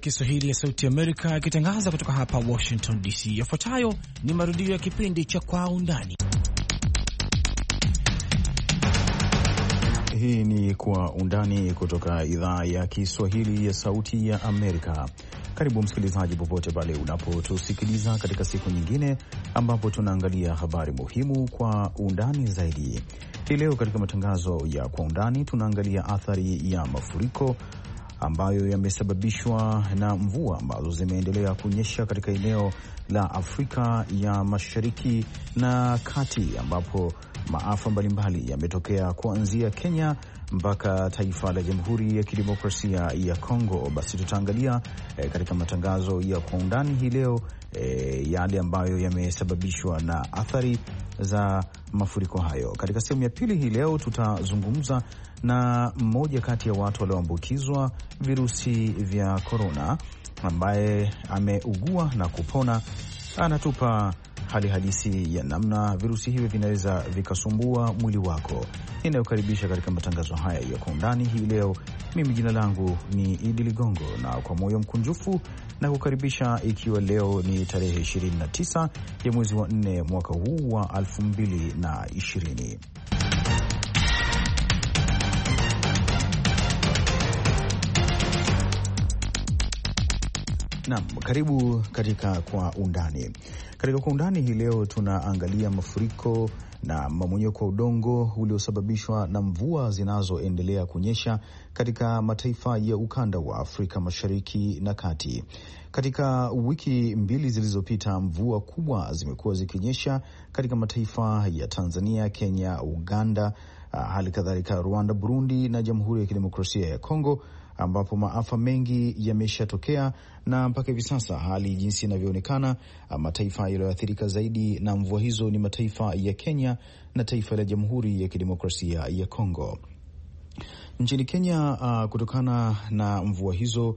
Kiswahili ya Sauti Amerika ikitangaza kutoka hapa Washington DC. Yafuatayo ni marudio ya kipindi cha Kwa Undani. Hii ni Kwa Undani kutoka idhaa ya Kiswahili ya Sauti ya Amerika. Karibu msikilizaji, popote pale unapotusikiliza katika siku nyingine ambapo tunaangalia habari muhimu kwa undani zaidi. Hii leo katika matangazo ya Kwa Undani tunaangalia athari ya mafuriko ambayo yamesababishwa na mvua ambazo zimeendelea kunyesha katika eneo la Afrika ya Mashariki na Kati, ambapo maafa mbalimbali yametokea kuanzia Kenya mpaka taifa la Jamhuri ya Kidemokrasia ya Kongo. Basi tutaangalia e, katika matangazo ya kwa undani hii leo e, yale ambayo yamesababishwa na athari za mafuriko hayo. Katika sehemu ya pili hii leo tutazungumza na mmoja kati ya watu walioambukizwa virusi vya korona ambaye ameugua na kupona, anatupa hali halisi ya namna virusi hivyo vinaweza vikasumbua mwili wako. inayokaribisha katika matangazo haya ya kwa undani hii leo, mimi jina langu ni Idi Ligongo, na kwa moyo mkunjufu na kukaribisha, ikiwa leo ni tarehe 29 ya mwezi wa 4 mwaka huu wa 2020. nam karibu katika Kwa Undani. Katika Kwa Undani hii leo tunaangalia mafuriko na mamonyeko wa udongo uliosababishwa na mvua zinazoendelea kunyesha katika mataifa ya ukanda wa Afrika Mashariki na Kati. Katika wiki mbili zilizopita, mvua kubwa zimekuwa zikinyesha katika mataifa ya Tanzania, Kenya, Uganda, ah, hali kadhalika Rwanda, Burundi na Jamhuri ya Kidemokrasia ya Kongo ambapo maafa mengi yameshatokea, na mpaka hivi sasa hali jinsi inavyoonekana, ah, mataifa yaliyoathirika zaidi na mvua hizo ni mataifa ya Kenya na taifa la Jamhuri ya Kidemokrasia ya Kongo. Nchini Kenya uh, kutokana na mvua hizo uh,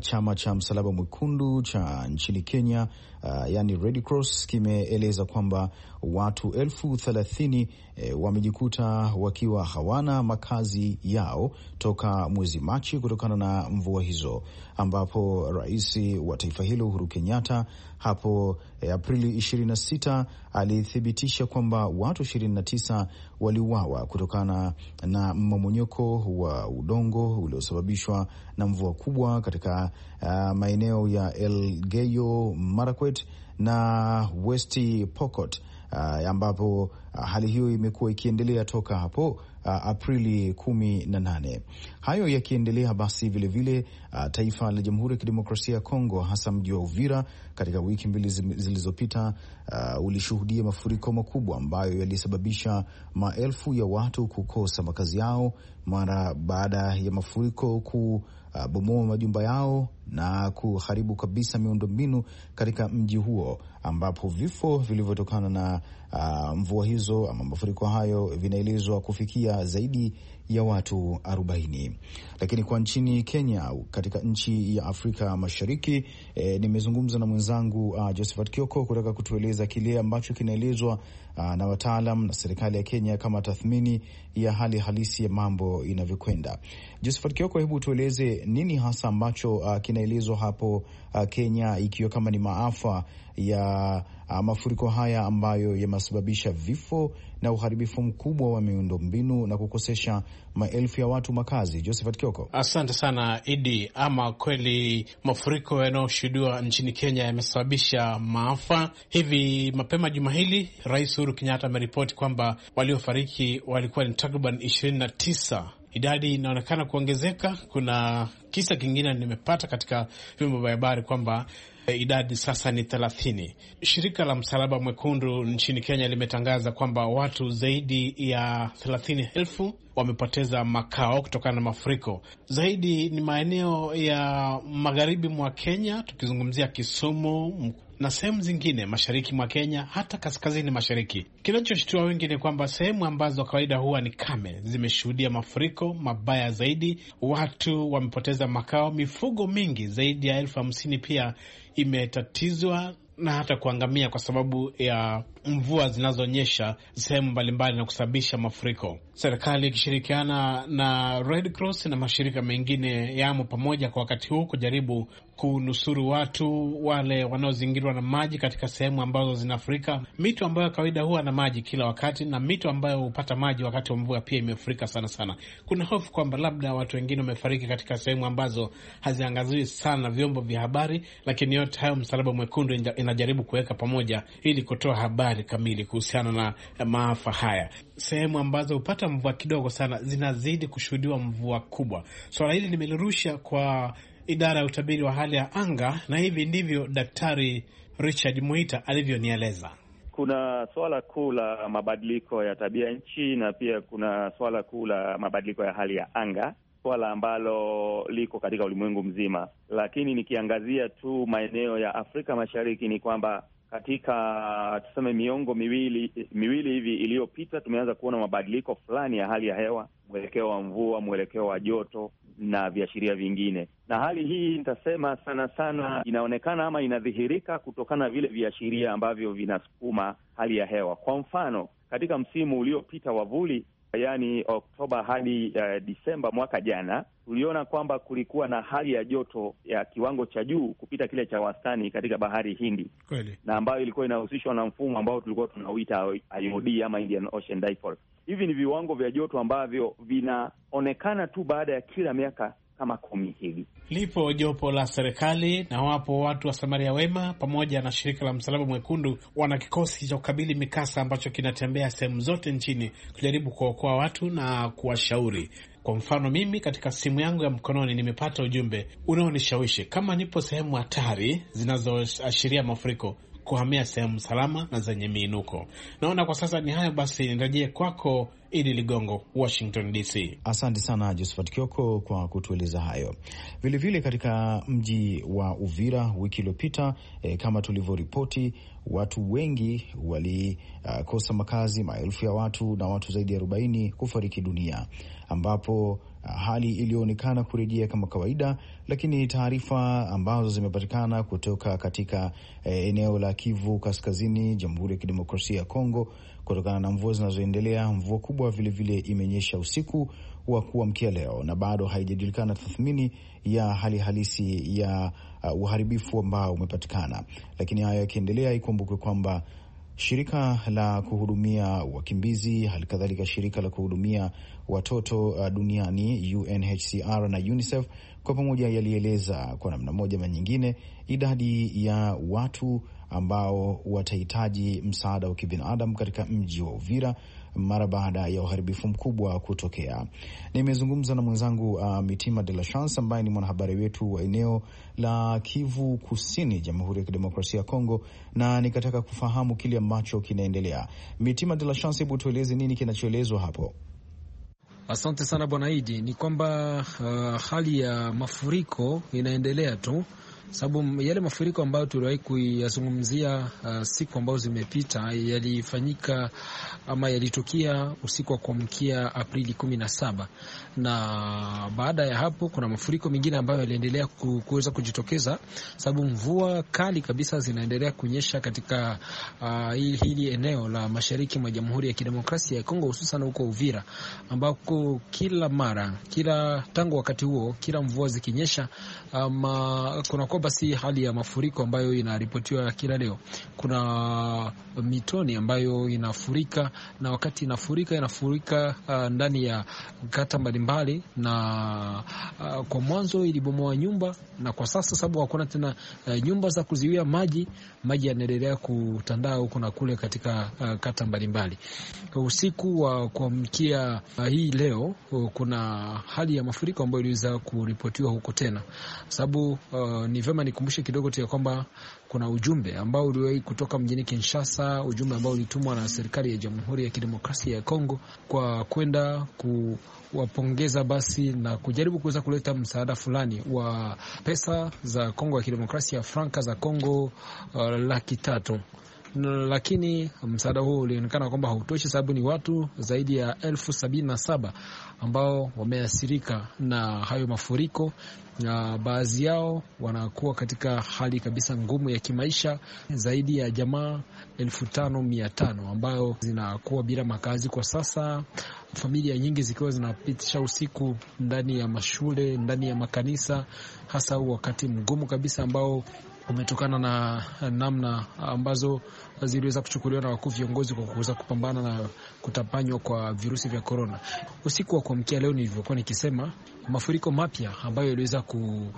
chama cha Msalaba Mwekundu cha nchini Kenya uh, yani Red Cross kimeeleza kwamba watu elfu thelathini eh, wamejikuta wakiwa hawana makazi yao toka mwezi Machi kutokana na mvua hizo, ambapo rais wa taifa hilo Uhuru Kenyatta hapo eh, Aprili 26 alithibitisha kwamba watu 29 waliuawa kutokana na mmomonyoko wa udongo uliosababishwa na mvua kubwa katika uh, maeneo ya Elgeyo Marakwet na West Pokot uh, ambapo uh, hali hiyo imekuwa ikiendelea toka hapo uh, Aprili kumi na nane. Hayo yakiendelea basi vilevile vile, uh, taifa la Jamhuri ya Kidemokrasia ya Kongo hasa mji wa Uvira katika wiki mbili zilizopita uh, ulishuhudia mafuriko makubwa ambayo yalisababisha maelfu ya watu kukosa makazi yao mara baada ya mafuriko ku Uh, bomoa majumba yao na kuharibu kabisa miundombinu katika mji huo ambapo vifo vilivyotokana na Uh, mvua hizo ama mafuriko hayo vinaelezwa kufikia zaidi ya watu 40. Lakini kwa nchini Kenya, katika nchi ya Afrika Mashariki e, nimezungumza na mwenzangu uh, Josephat Kioko kutaka kutueleza kile ambacho kinaelezwa uh, na wataalam na serikali ya Kenya kama tathmini ya hali halisi ya mambo inavyokwenda. Josephat Kioko, hebu tueleze nini hasa ambacho uh, kinaelezwa hapo uh, Kenya, ikiwa kama ni maafa ya Ah, mafuriko haya ambayo yamesababisha vifo na uharibifu mkubwa wa miundombinu na kukosesha maelfu ya watu makazi. Josephat Kioko, asante sana Idi. Ama kweli mafuriko yanayoshuhudiwa nchini Kenya yamesababisha maafa. Hivi mapema juma hili, Rais Uhuru Kenyatta ameripoti kwamba waliofariki walikuwa ni takriban 29. Idadi inaonekana kuongezeka. Kuna kisa kingine nimepata katika vyombo vya habari kwamba Eh, idadi sasa ni thelathini. Shirika la Msalaba Mwekundu nchini Kenya limetangaza kwamba watu zaidi ya thelathini elfu wamepoteza makao kutokana na mafuriko. Zaidi ni maeneo ya magharibi mwa Kenya, tukizungumzia Kisumu, na sehemu zingine mashariki mwa Kenya, hata kaskazini mashariki. Kinachoshtua wengi ni kwamba sehemu ambazo kawaida huwa ni kame zimeshuhudia mafuriko mabaya zaidi. Watu wamepoteza makao, mifugo mingi zaidi ya elfu hamsini pia imetatizwa na hata kuangamia kwa sababu ya mvua zinazonyesha sehemu mbalimbali na kusababisha mafuriko. Serikali ikishirikiana na Red Cross na mashirika mengine yamo pamoja kwa wakati huu kujaribu kunusuru watu wale wanaozingirwa na maji katika sehemu ambazo zinafurika. Mito ambayo kawaida huwa na maji kila wakati na mito ambayo hupata maji wakati wa mvua pia imefurika sana sana. Kuna hofu kwamba labda watu wengine wamefariki katika sehemu ambazo haziangaziwi sana vyombo vya habari, lakini yote hayo Msalaba Mwekundu inajaribu kuweka pamoja ili kutoa habari habari kamili kuhusiana na maafa haya. Sehemu ambazo hupata mvua kidogo sana zinazidi kushuhudiwa mvua kubwa. Swala hili nimelirusha kwa idara ya utabiri wa hali ya anga, na hivi ndivyo Daktari Richard Muita alivyonieleza. Kuna swala kuu la mabadiliko ya tabia nchi na pia kuna swala kuu la mabadiliko ya hali ya anga, swala ambalo liko katika ulimwengu mzima, lakini nikiangazia tu maeneo ya Afrika Mashariki ni kwamba katika tuseme miongo miwili miwili hivi iliyopita, tumeanza kuona mabadiliko fulani ya hali ya hewa, mwelekeo wa mvua, mwelekeo wa joto na viashiria vingine. Na hali hii nitasema sana sana inaonekana ama inadhihirika kutokana na vile viashiria ambavyo vinasukuma hali ya hewa. Kwa mfano, katika msimu uliopita wa vuli yaani Oktoba hadi uh, Disemba mwaka jana, tuliona kwamba kulikuwa na hali ya joto ya kiwango cha juu kupita kile cha wastani katika bahari Hindi kweli, na ambayo ilikuwa inahusishwa na mfumo ambao tulikuwa tunauita IOD ama Indian Ocean Dipole. Hivi ni viwango vya joto ambavyo vinaonekana tu baada ya kila miaka kama kumi hivi. Lipo jopo la serikali na wapo watu wa Samaria Wema pamoja na shirika la Msalaba Mwekundu, wana kikosi cha kukabili mikasa ambacho kinatembea sehemu zote nchini kujaribu kuwaokoa watu na kuwashauri. Kwa mfano, mimi katika simu yangu ya mkononi nimepata ujumbe unaonishawishi kama nipo sehemu hatari zinazoashiria mafuriko kuhamia sehemu salama na zenye miinuko. Naona kwa sasa ni hayo basi, nirejee kwako Idi Ligongo, Washington DC. Asante sana Josephat Kioko kwa kutueleza hayo. Vilevile katika mji wa Uvira wiki iliyopita, e, kama tulivyoripoti watu wengi walikosa uh, makazi, maelfu ya watu na watu zaidi ya arobaini kufariki dunia ambapo ah, hali iliyoonekana kurejea kama kawaida, lakini taarifa ambazo zimepatikana kutoka katika eh, eneo la Kivu Kaskazini, Jamhuri ya Kidemokrasia ya Kongo kutokana na mvua zinazoendelea. Mvua kubwa vilevile imenyesha usiku wa kuamkia leo na bado haijajulikana tathmini ya hali halisi ya uh, uharibifu ambao umepatikana. Lakini hayo yakiendelea, ikumbukwe kwamba shirika la kuhudumia wakimbizi halikadhalika shirika la kuhudumia watoto uh, duniani UNHCR na UNICEF kwa pamoja yalieleza kwa namna moja manyingine nyingine idadi ya watu ambao watahitaji msaada wa kibinadamu katika mji wa Uvira mara baada ya uharibifu mkubwa kutokea. Nimezungumza na mwenzangu uh, Mitima De La Chance ambaye ni mwanahabari wetu wa eneo la Kivu Kusini, Jamhuri ya Kidemokrasia ya Kongo, na nikataka kufahamu kile ambacho kinaendelea. Mitima De La Chance, hebu tueleze nini kinachoelezwa hapo? Asante sana Bwana Idi. Ni kwamba uh, hali ya mafuriko inaendelea tu sababu yale mafuriko ambayo tuliwahi kuyazungumzia uh, siku ambazo zimepita yalifanyika ama yalitokea usiku wa kuamkia Aprili kumi na saba, na baada ya hapo kuna mafuriko mengine ambayo yaliendelea kuweza kujitokeza, sababu mvua kali kabisa zinaendelea kunyesha katika uh, hili eneo la mashariki mwa Jamhuri ya Kidemokrasia ya Kongo, hususan huko Uvira ambako kila mara kila tangu wakati huo kila mvua zikinyesha um, kuna kwamba si hali ya mafuriko ambayo inaripotiwa kila leo. Kuna mitoni ambayo inafurika na wakati inafurika inafurika uh, ndani ya kata mbalimbali, na uh, kwa mwanzo ilibomoa nyumba, na kwa sasa sababu hakuna tena uh, nyumba za kuziwia maji, maji yanaendelea kutandaa huko na kule katika uh, kata mbalimbali. Usiku wa uh, kuamkia uh, hii leo uh, kuna hali ya mafuriko ambayo iliweza kuripotiwa huko tena sababu uh, ni vema nikumbushe kidogo tu ya kwamba kuna ujumbe ambao uliwahi kutoka mjini Kinshasa, ujumbe ambao ulitumwa na serikali ya Jamhuri ya Kidemokrasia ya Kongo kwa kwenda kuwapongeza basi na kujaribu kuweza kuleta msaada fulani wa pesa za Kongo ya Kidemokrasia, franka za Kongo uh, laki tatu lakini msaada huo ulionekana kwamba hautoshi, sababu ni watu zaidi ya elfu sabini na saba ambao wameathirika na hayo mafuriko, na baadhi yao wanakuwa katika hali kabisa ngumu ya kimaisha, zaidi ya jamaa elfu tano mia tano ambayo zinakuwa bila makazi kwa sasa, familia nyingi zikiwa zinapitisha usiku ndani ya mashule, ndani ya makanisa, hasa wakati mgumu kabisa ambao umetokana na namna ambazo ziliweza kuchukuliwa na wakuu viongozi kwa kuweza kupambana na kutapanywa kwa virusi vya korona. Usiku wa kuamkia leo nilivyokuwa nikisema mafuriko mapya ambayo yaliweza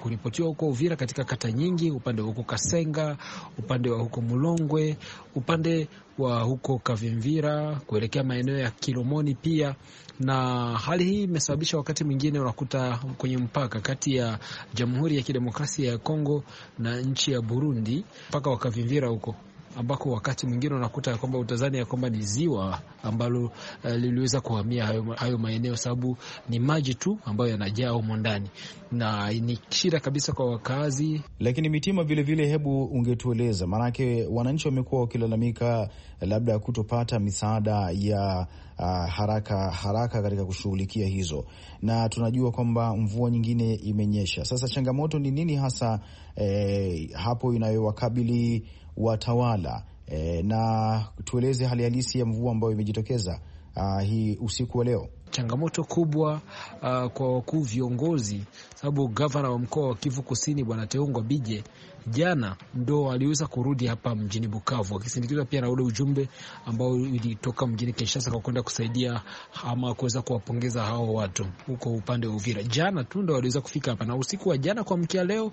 kuripotiwa huko Uvira katika kata nyingi, upande wa huko Kasenga, upande wa huko Mulongwe, upande wa huko Kavimvira kuelekea maeneo ya Kilomoni pia. Na hali hii imesababisha wakati mwingine unakuta kwenye mpaka kati ya Jamhuri ya Kidemokrasia ya Kongo na nchi ya Burundi, mpaka wa Kavimvira huko ambako wakati mwingine unakuta ya kwamba utazani ya kwamba ni ziwa ambalo uh, liliweza kuhamia hayo, hayo maeneo, sababu ni maji tu ambayo yanajaa humo ndani na ni shida kabisa kwa wakazi. Lakini Mitima, vilevile vile, hebu ungetueleza, maanake wananchi wamekuwa wakilalamika labda kutopata misaada ya uh, haraka haraka katika kushughulikia hizo, na tunajua kwamba mvua nyingine imenyesha. Sasa changamoto ni nini hasa eh, hapo inayowakabili watawala eh, na tueleze hali halisi ya mvua ambayo imejitokeza uh, hii usiku wa leo changamoto kubwa uh, kwa wakuu viongozi, sababu gavana wa mkoa wa Kivu Kusini Bwana Teungwa Bije jana ndo aliweza kurudi hapa mjini Bukavu akisindikizwa pia na ule ujumbe ambao ulitoka mjini Kinshasa kwa kwenda kusaidia ama kuweza kuwapongeza hao watu huko upande wa Uvira. Jana tu ndo waliweza kufika hapa, na usiku wa jana kwa mkia leo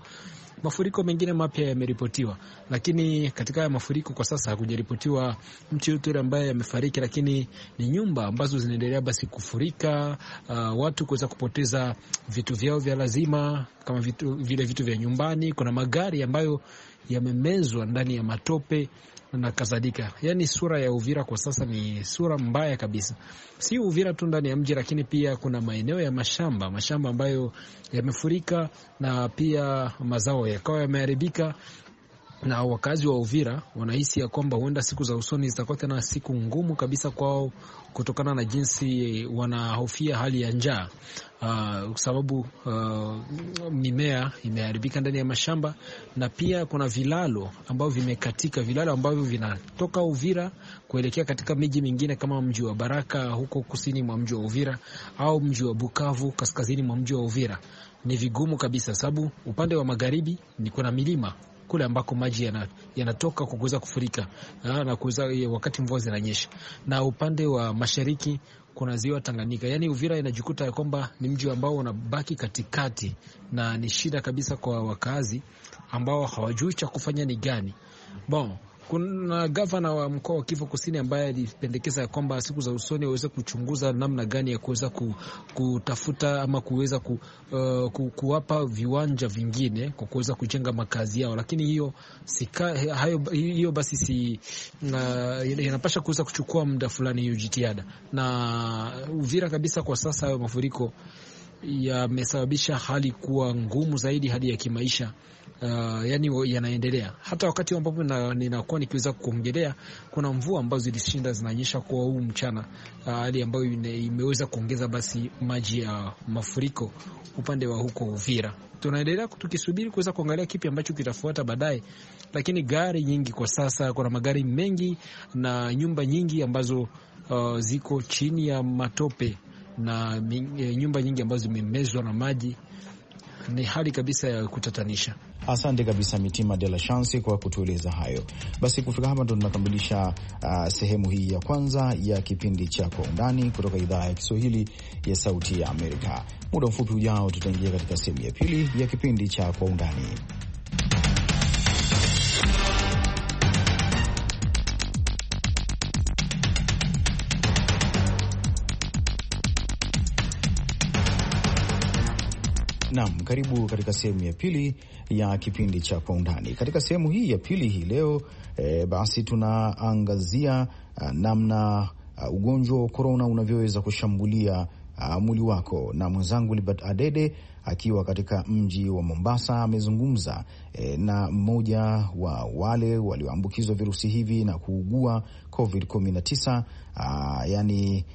Mafuriko mengine mapya yameripotiwa, lakini katika haya mafuriko kwa sasa hakujaripotiwa mtu yote yule ambaye amefariki, lakini ni nyumba ambazo zinaendelea basi kufurika, uh, watu kuweza kupoteza vitu vyao vya lazima kama vitu, vile vitu vya nyumbani. Kuna magari ambayo yamemezwa ndani ya matope na kadhalika. Yaani sura ya Uvira kwa sasa ni sura mbaya kabisa, si Uvira tu ndani ya mji, lakini pia kuna maeneo ya mashamba, mashamba ambayo yamefurika na pia mazao yakawa yameharibika na wakazi wa Uvira wanahisi ya kwamba huenda siku za usoni zitakuwa tena siku ngumu kabisa kwao kutokana na jinsi wanahofia hali ya njaa. Uh, sababu uh, mimea imeharibika ndani ya mashamba na pia kuna vilalo ambavyo vimekatika, vilalo ambavyo vinatoka Uvira kuelekea katika miji mingine kama mji wa Baraka huko kusini mwa mji wa Uvira au mji wa Bukavu kaskazini mwa mji wa Uvira. Ni vigumu kabisa, sababu upande wa magharibi ni kuna milima kule ambako maji yanatoka kwa kuweza kufurika ah, na kuweza eh, wakati mvua zinanyesha, na upande wa mashariki kuna ziwa Tanganyika. Yaani Uvira inajikuta ya kwamba ni mji ambao unabaki katikati, na ni shida kabisa kwa wakazi ambao hawajui cha kufanya ni gani bon kuna gavana wa mkoa wa Kivu Kusini ambaye alipendekeza ya kwamba siku za usoni waweze kuchunguza namna gani ya kuweza kutafuta ama kuweza ku, uh, ku, kuwapa viwanja vingine kwa kuweza kujenga makazi yao, lakini hiyo sika, hayo, hiyo basi si uh, inapasha kuweza kuchukua muda fulani hiyo jitihada na Uvira kabisa kwa sasa hayo mafuriko yamesababisha hali kuwa ngumu zaidi, hali ya kimaisha. Uh, yani yanaendelea hata wakati ambapo ninakuwa nikiweza kuongelea, kuna mvua ambazo zilishinda zinanyesha kwa huu mchana, uh, hali uh, ambayo imeweza kuongeza basi maji ya mafuriko upande wa huko Uvira. Tunaendelea tukisubiri kuweza kuangalia kipi ambacho kitafuata baadaye, lakini gari nyingi kwa sasa, kuna magari mengi na nyumba nyingi ambazo uh, ziko chini ya matope na e, nyumba nyingi ambazo zimemezwa na maji. Ni hali kabisa ya kutatanisha. Asante kabisa Mitima de la Chance kwa kutueleza hayo. Basi kufika hapa ndo tunakamilisha uh, sehemu hii ya kwanza ya kipindi cha Kwa Undani kutoka idhaa ya Kiswahili ya Sauti ya Amerika. Muda mfupi ujao, tutaingia katika sehemu ya pili ya kipindi cha Kwa Undani. Naam, karibu katika sehemu ya pili ya kipindi cha Kwa Undani. Katika sehemu hii ya pili hii leo e, basi tunaangazia namna ugonjwa wa korona unavyoweza kushambulia mwili wako, na mwenzangu Libert Adede akiwa katika mji wa Mombasa amezungumza e, na mmoja wa wale walioambukizwa virusi hivi na kuugua COVID 19 yaani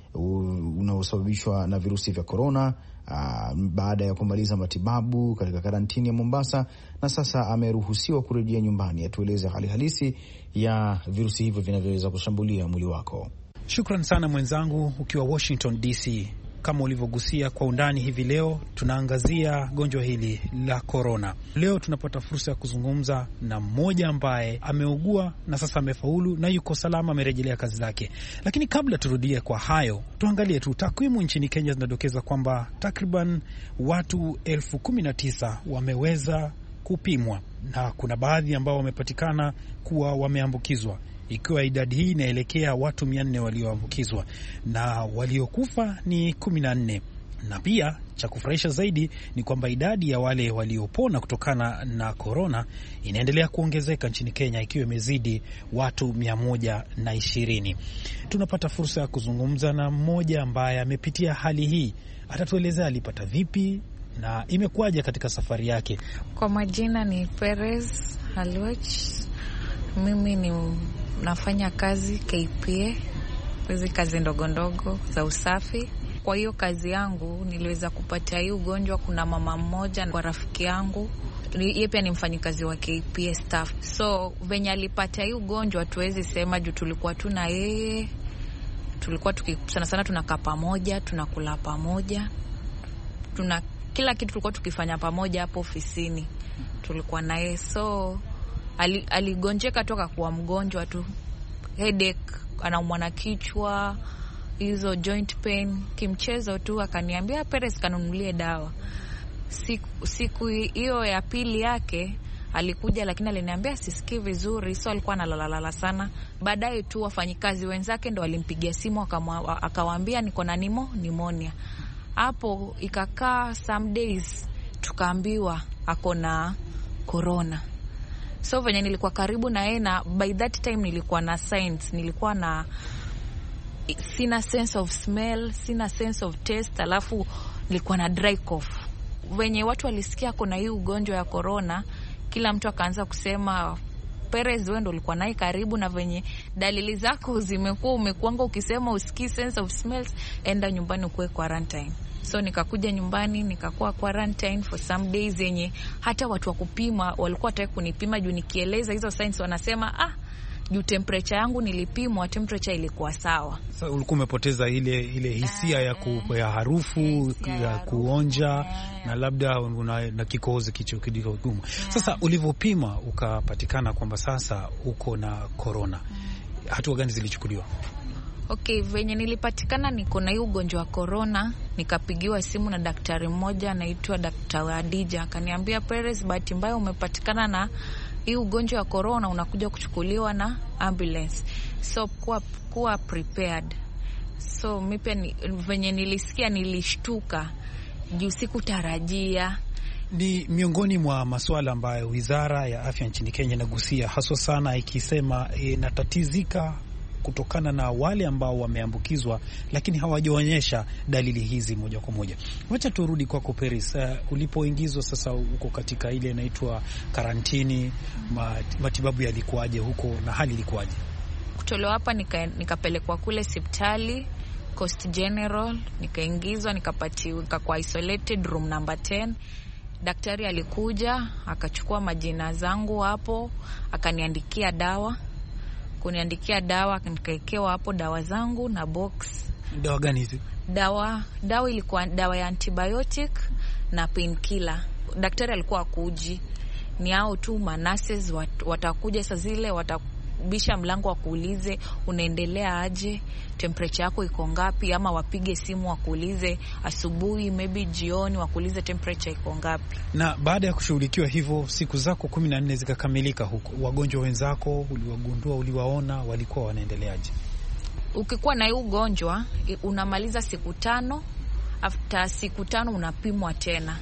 unaosababishwa na virusi vya korona aa, ah, baada ya kumaliza matibabu katika karantini ya Mombasa na sasa ameruhusiwa kurejea nyumbani. Atueleze hali halisi ya virusi hivyo vinavyoweza kushambulia mwili wako. Shukran sana mwenzangu, ukiwa Washington DC. Kama ulivyogusia kwa undani hivi leo, tunaangazia gonjwa hili la korona. Leo tunapata fursa ya kuzungumza na mmoja ambaye ameugua na sasa amefaulu na yuko salama, amerejelea kazi zake Lakini kabla turudie kwa hayo, tuangalie tu takwimu nchini Kenya zinadokeza kwamba takriban watu elfu kumi na tisa wameweza kupimwa na kuna baadhi ambao wamepatikana kuwa wameambukizwa ikiwa idadi hii inaelekea watu nne walioambukizwa na waliokufa ni kumi na pia cha kufurahisha zaidi ni kwamba idadi ya wale waliopona kutokana na korona inaendelea kuongezeka nchini Kenya, ikiwa imezidi watu mia moja na ishirini. Tunapata fursa ya kuzungumza na mmoja ambaye amepitia hali hii, atatuelezea alipata vipi na imekuwaje katika safari yake. Kwa majina ni Perez Haloch, mimi ni nafanya kazi KPA, hizi kazi ndogo ndogo za usafi. Kwa hiyo kazi yangu niliweza kupata hii ugonjwa. Kuna mama mmoja kwa rafiki yangu yeye pia ni mfanyikazi wa KPA staff. So venye alipata hii ugonjwa tuwezi sema juu tulikuwa tu na yeye, tulikuwa tuki, sana sana tunakaa pamoja, tunakula pamoja, tuna kila kitu tulikuwa tukifanya pamoja hapo ofisini, tulikuwa na yeye so aligonjeka ali toka kuwa mgonjwa tu, headache, anaumwa na kichwa, hizo joint pain, kimchezo tu. Akaniambia Peres, kanunulie dawa. Siku, siku hiyo ya pili yake alikuja lakini aliniambia sisikii vizuri, so alikuwa analalala sana. Baadaye tu wafanyikazi wenzake ndo walimpigia simu akawaambia niko na nimo nimonia. Hapo ikakaa some days, tukaambiwa ako na korona so venye nilikuwa karibu na yeye na by that time nilikuwa na science, nilikuwa na sina sense of smell, sina sense of taste, alafu nilikuwa na dry cough. Wenye watu walisikia kuna hii ugonjwa ya corona, kila mtu akaanza kusema Perez, wewe ndo ulikuwa naye karibu, na venye dalili zako zimekuwa umekuanga ukisema usikii sense of smells, enda nyumbani ukuwe quarantine so nikakuja nyumbani nikakuwa quarantine for some days, yenye hata watu wa kupima walikuwa wataki kunipima juu nikieleza hizo signs wanasema ah, juu temperature yangu nilipimwa, temperature ilikuwa sawa. So, ulikuwa umepoteza ile ile hisia ya, ku, ah, ya harufu ya, ya kuonja yeah, na labda una, na kikohozi kicho yeah. Sasa ulivyopima ukapatikana kwamba sasa uko na korona, mm. hatua gani zilichukuliwa? Okay, venye nilipatikana niko na hii ugonjwa wa korona, nikapigiwa simu na daktari mmoja anaitwa Daktari Adija, akaniambia Perez, bahati mbaya umepatikana na hii ugonjwa wa korona, unakuja kuchukuliwa na ambulance, so kuwa, kuwa prepared. So mi pia ni, venye nilisikia nilishtuka juu sikutarajia ni miongoni mwa masuala ambayo wizara ya afya nchini Kenya inagusia haswa sana, ikisema eh, inatatizika kutokana na wale ambao wameambukizwa lakini hawajaonyesha dalili hizi moja kwa moja. Wacha turudi kwako Paris. Uh, eh, ulipoingizwa sasa, uko katika ile inaitwa karantini, matibabu yalikuwaje huko na hali ilikuwaje? Kutolewa hapa nikapelekwa nika kule sipitali Coast General, nikaingizwa nikapatiwa, kwa isolated room number 10. Daktari alikuja akachukua majina zangu hapo akaniandikia dawa kuniandikia dawa, nikaekewa hapo dawa zangu na box. Dawa gani hizi? Dawa dawa ilikuwa dawa ya antibiotic na painkiller. Daktari alikuwa akuji, ni hao tu manases wat, watakuja saa zile watakuja bisha mlango wakuulize unaendelea aje, temperature yako iko ngapi, ama wapige simu wakuulize asubuhi, maybe jioni, wakuulize temperature iko ngapi. Na baada ya kushughulikiwa hivyo, siku zako kumi na nne zikakamilika huko, wagonjwa wenzako uliwagundua, uliwaona, walikuwa wanaendeleaje? Ukikuwa na hii ugonjwa unamaliza siku tano, after siku tano unapimwa tena.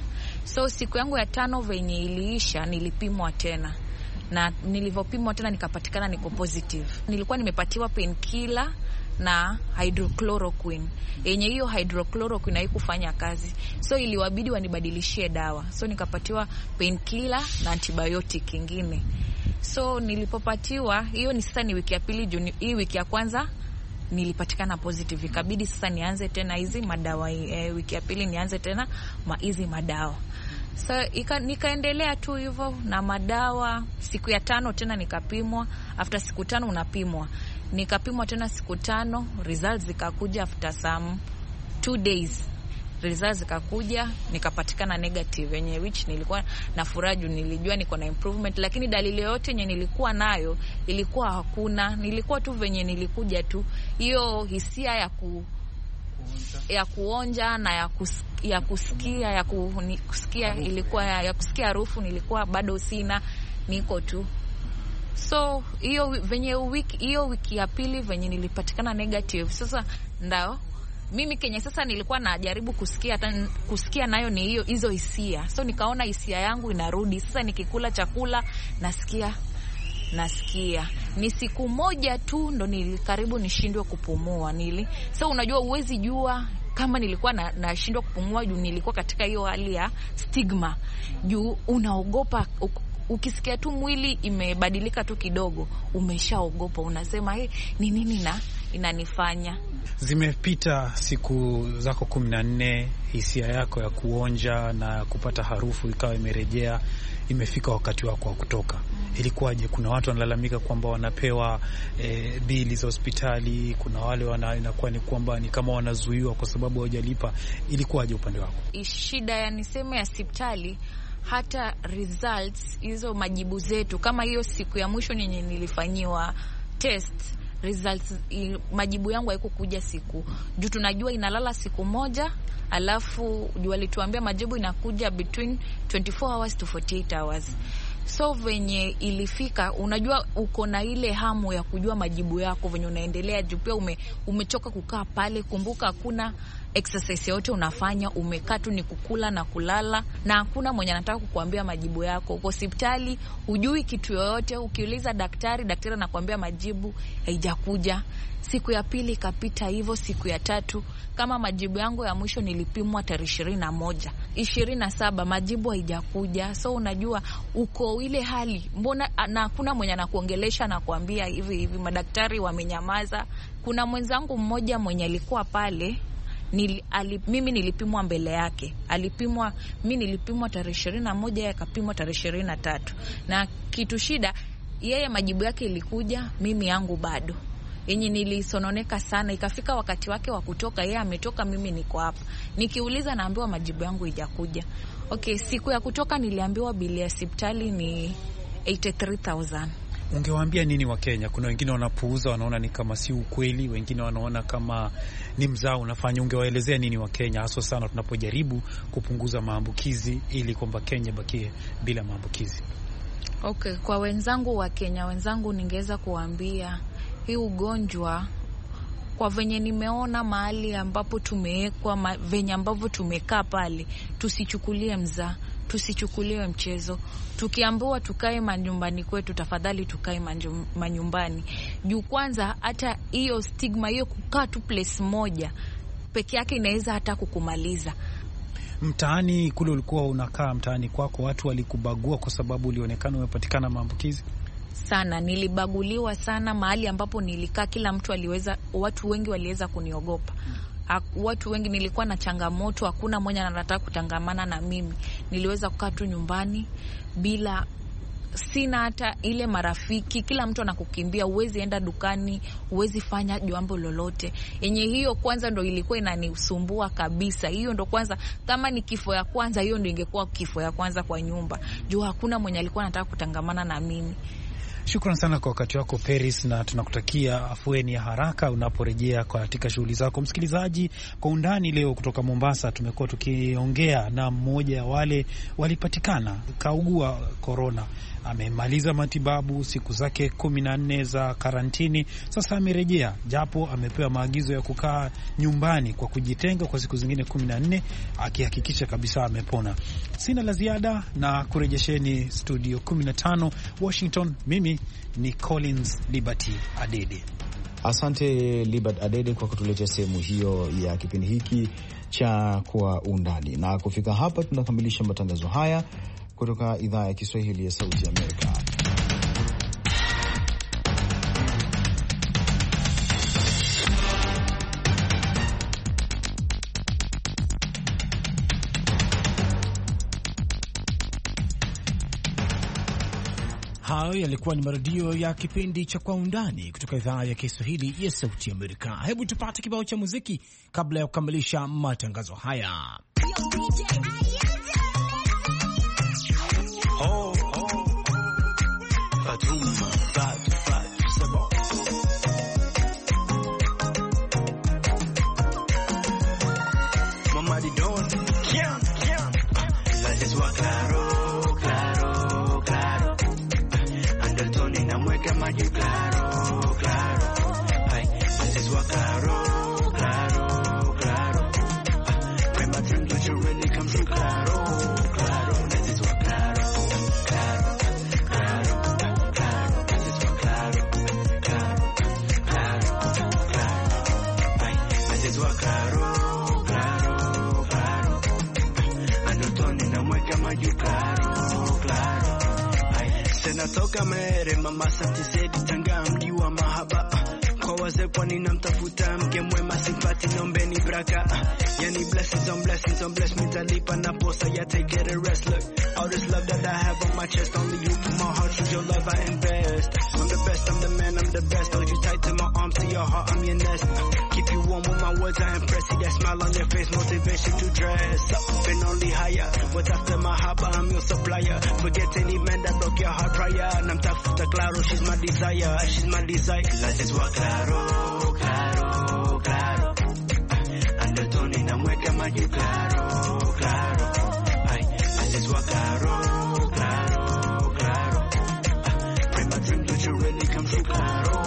So siku yangu ya tano venye iliisha, nilipimwa tena na nilivyopimwa tena nikapatikana niko positive. Nilikuwa nimepatiwa painkiller na hydrochloroquine yenye hiyo hydrochloroquine haikufanya kazi, so iliwabidi wanibadilishie dawa, so nikapatiwa painkiller na antibiotic ingine. So nilipopatiwa hiyo ni sasa ni wiki ya pili juu hii wiki ya kwanza nilipatikana positive, ikabidi sasa nianze tena hizi madawa e, wiki ya pili nianze tena hizi madawa So, ika, nikaendelea tu hivyo na madawa. Siku ya tano tena nikapimwa, after siku tano unapimwa, nikapimwa tena siku tano, results zikakuja after some two days results zikakuja nikapatikana negative, yenye which nilikuwa na furaha nilijua niko na improvement, lakini dalili yoyote yenye nilikuwa nayo ilikuwa hakuna. Nilikuwa tu venye nilikuja tu, hiyo hisia ya ku ya kuonja na ya, kus, ya kusikia ya kusikia ilikuwa ya, ya kusikia harufu nilikuwa bado sina, niko tu so hiyo venye wiki hiyo wiki ya pili venye nilipatikana negative. Sasa ndao mimi kenye sasa nilikuwa najaribu kusikia hata kusikia nayo ni hiyo hizo hisia, so nikaona hisia yangu inarudi sasa, nikikula chakula nasikia nasikia. Ni siku moja tu ndo nilikaribu nishindwe kupumua nili. So unajua uwezi jua kama nilikuwa nashindwa na kupumua juu nilikuwa katika hiyo hali ya stigma, juu unaogopa ukisikia tu mwili imebadilika tu kidogo, umeshaogopa unasema, hey, ni nini na inanifanya. Zimepita siku zako kumi na nne, hisia yako ya kuonja na kupata harufu ikawa imerejea, imefika wakati wako wa kutoka. Ilikuwaje? Kuna watu wanalalamika kwamba wanapewa e, bili za hospitali. Kuna wale wana, inakuwa ni kwamba ni kama wanazuiwa kwa sababu hawajalipa. Ilikuwaje upande wako? Shida ya niseme ya hospitali hata results hizo majibu zetu, kama hiyo siku ya mwisho nyenye nilifanyiwa test results, majibu yangu haikukuja siku juu tunajua inalala siku moja, alafu juu alituambia majibu inakuja between 24 hours to 48 hours. So venye ilifika, unajua uko na ile hamu ya kujua majibu yako venye unaendelea, juu pia ume, umechoka kukaa pale. Kumbuka hakuna exercise yote unafanya umekaa tu ni kukula na kulala, na hakuna mwenye anataka kukuambia majibu yako. Uko hospitali, hujui kitu yoyote. Ukiuliza daktari, daktari anakuambia majibu haijakuja. Siku ya pili ikapita hivyo, siku ya tatu. Kama majibu yangu ya mwisho nilipimwa tarehe ishirini na moja ishirini na saba majibu haijakuja. So unajua uko ile hali, mbona ah, na hakuna mwenye anakuongelesha, na kuambia hivi hivi, madaktari wamenyamaza. Kuna mwenzangu mmoja mwenye alikuwa pale nil, ali, mimi nilipimwa mbele yake, alipimwa mi nilipimwa tarehe ishirini na moja yeye akapimwa tarehe ishirini na tatu na kitu shida, yeye majibu yake ilikuja, mimi yangu bado yenye nilisononeka sana. Ikafika wakati wake wa kutoka, yeye ametoka, mimi niko hapa. Nikiuliza naambiwa majibu yangu ijakuja. Okay, siku ya kutoka niliambiwa bili ya sipitali ni 83000 ungewaambia nini wa kenya Kuna wengine wanapuuza, wanaona ni kama si ukweli, wengine wanaona kama ni mzaa unafanya. Ungewaelezea nini wa kenya haswa sana tunapojaribu kupunguza maambukizi ili kwamba Kenya bakie bila maambukizi? Okay, kwa wenzangu wa kenya wenzangu, ningeweza kuwaambia hii ugonjwa kwa venye nimeona mahali ambapo tumewekwa ma, venye ambavyo tumekaa pale, tusichukulie mzaa tusichukuliwe mchezo. Tukiambiwa tukae manyumbani kwetu, tafadhali tukae manyumbani juu kwanza, hata hiyo stigma hiyo kukaa tu place moja peke yake inaweza hata kukumaliza. Mtaani kule ulikuwa unakaa mtaani kwako, watu walikubagua kwa sababu ulionekana umepatikana maambukizi sana. Nilibaguliwa sana mahali ambapo nilikaa, kila mtu aliweza, watu wengi waliweza kuniogopa watu wengi, nilikuwa na changamoto, hakuna mwenye anataka kutangamana na mimi. Niliweza kukaa tu nyumbani bila sina hata ile marafiki, kila mtu anakukimbia, huwezi enda dukani, huwezi fanya jambo lolote. Yenye hiyo kwanza ndo ilikuwa inanisumbua kabisa. Hiyo ndo kwanza, kama ni kifo ya kwanza, hiyo ndo ingekuwa kifo ya kwanza kwa nyumba, juu hakuna mwenye alikuwa anataka kutangamana na mimi. Shukran sana kwa wakati wako Paris, na tunakutakia afueni ya haraka unaporejea katika shughuli zako. Msikilizaji, kwa undani leo kutoka Mombasa tumekuwa tukiongea na mmoja ya wale walipatikana kaugua korona amemaliza matibabu siku zake kumi na nne za karantini. Sasa amerejea, japo amepewa maagizo ya kukaa nyumbani kwa kujitenga kwa siku zingine kumi na nne, akihakikisha kabisa amepona. Sina la ziada na kurejesheni studio 15 Washington. Mimi ni Collins Liberty Adede. Asante Libert Adede kwa kutuletea sehemu hiyo ya kipindi hiki cha Kwa Undani, na kufika hapa tunakamilisha matangazo haya kutoka idhaa ya Kiswahili ya Sauti ya Amerika. Hayo yalikuwa ni marudio ya kipindi cha Kwa Undani kutoka idhaa ya Kiswahili ya Sauti Amerika. Hebu tupate kibao cha muziki kabla ya kukamilisha matangazo haya. Yo, DJ, Oh, oh. Fatouma, Fat, Fat, c'est bon. Claro, Claro, Claro. Andertoni namweka maji Claro, Claro. Hey, la Claro. claro, she's my desire, she's my desire. La deswa claro, claro, claro. Undertone inamweka maji claro, claro. Ay, la deswa claro, claro, claro. Pray my dreams, that you really come true, claro.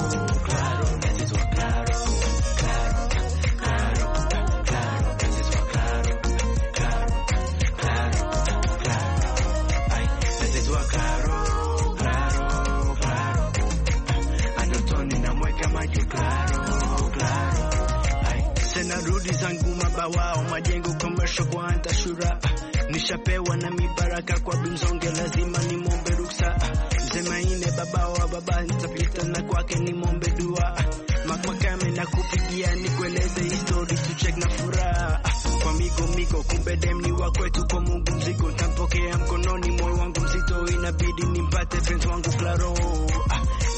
wao majengo commercial kwa shura nishapewa na mibaraka kwa bimzonge lazima ni mombe ruksa ine baba wa baba nitapita na kwake ni mombe dua makwakame na kupigia ni kueleze histori check na furaha kwa miko miko kumbe dem ni wa kwetu kwa Mungu mziko tampokea mkononi moyo wangu mzito inabidi nimpate penzi wangu klaro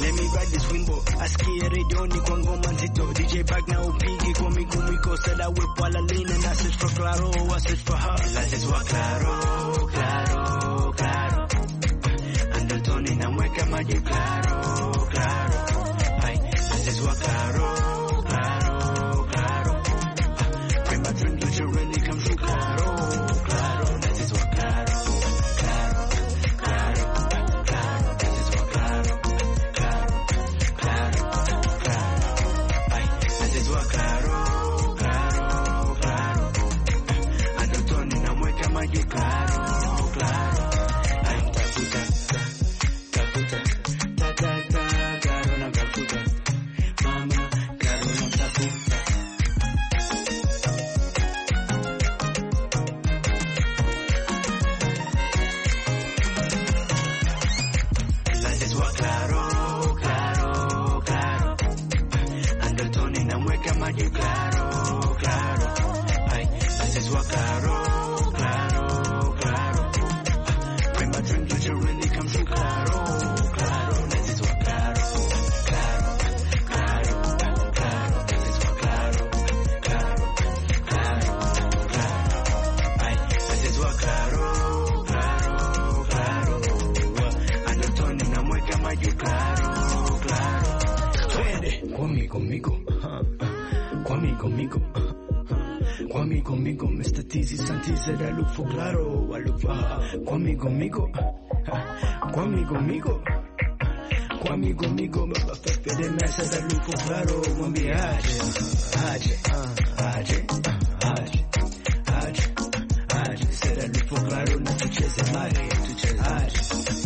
Let me ride this wimbo, asikie redioni kwa ngoma nzito, DJ bag na upigi kwa miguu miko, said I whip while I lean and I search for claro, I search for her, lazis wa claro, claro, claro, andotoni namweka maji claro, claro, hai, is wa claro conmigo, conmigo. Conmigo, conmigo, motherfucker de mesa de lupo raro, buen viaje. Haje, haje, haje, haje, haje. Será lupo claro, no te chese mare, tu chese. Haje.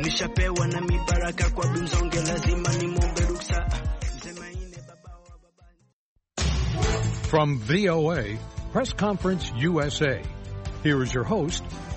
nishapewa na mibaraka kwa lazima ruksa From VOA Press Conference USA. Here is your host,